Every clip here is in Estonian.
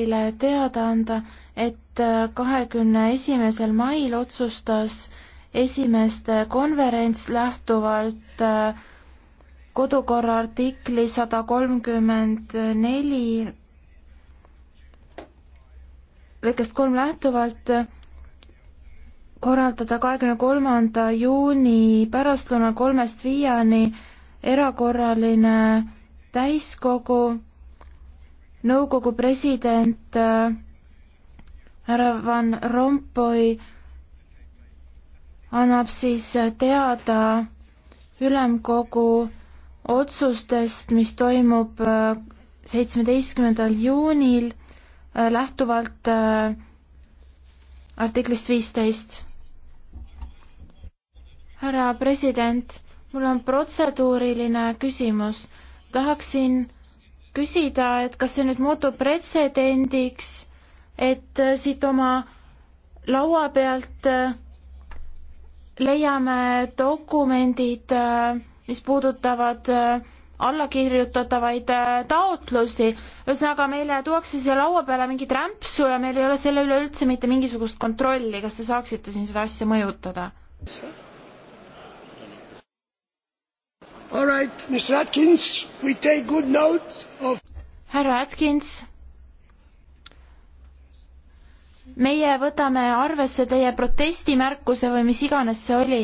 teile teada anda, et äh, kahekümne esimesel mail otsustas esimeste konverents lähtuvalt äh, kodukorra artikli sada kolmkümmend neli lõikest kolm lähtuvalt äh, korraldada kahekümne kolmanda juuni pärastlõunal kolmest viieni erakorraline täiskogu nõukogu president äh, härra Van Rompuy annab siis teada ülemkogu otsustest, mis toimub äh, seitsmeteistkümnendal juunil äh, lähtuvalt artiklist viisteist. härra president, mul on protseduuriline küsimus. tahaksin küsida, et kas see nüüd muutub pretsedendiks, et äh, siit oma laua pealt äh, leiame dokumendid, äh, mis puudutavad allakirjutatavaid taotlusi. ühesõnaga, meile tuuakse siia laua peale mingit rämpsu ja meil ei ole selle üle üldse mitte mingisugust kontrolli. kas te saaksite siin seda asja mõjutada? Right, Atkins, of... härra Atkins, meie võtame arvesse teie protestimärkuse või mis iganes see oli.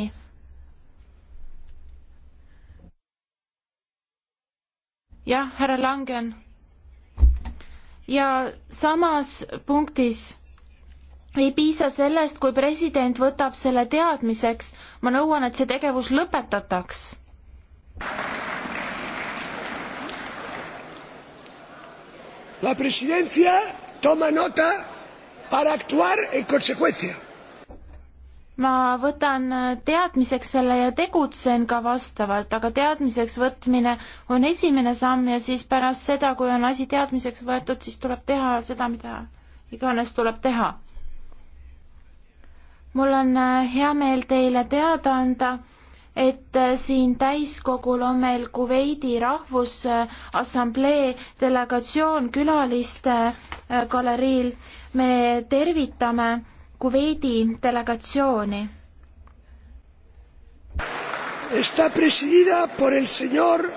jah, härra Langen. ja samas punktis ei piisa sellest, kui president võtab selle teadmiseks. ma nõuan, et see tegevus lõpetataks La presidencia toma nota para actuar en consecuencia. ma võtan teadmiseks selle ja tegutsen ka vastavalt, aga teadmiseks võtmine on esimene samm ja siis pärast seda, kui on asi teadmiseks võetud, siis tuleb teha seda, mida iganes tuleb teha. mul on äh, hea meel teile teada anda et äh, siin täiskogul on meil Kuveidi Rahvusassamblee delegatsioon külaliste äh, galeriil. me tervitame Kuveidi delegatsiooni. Está presidida por el señor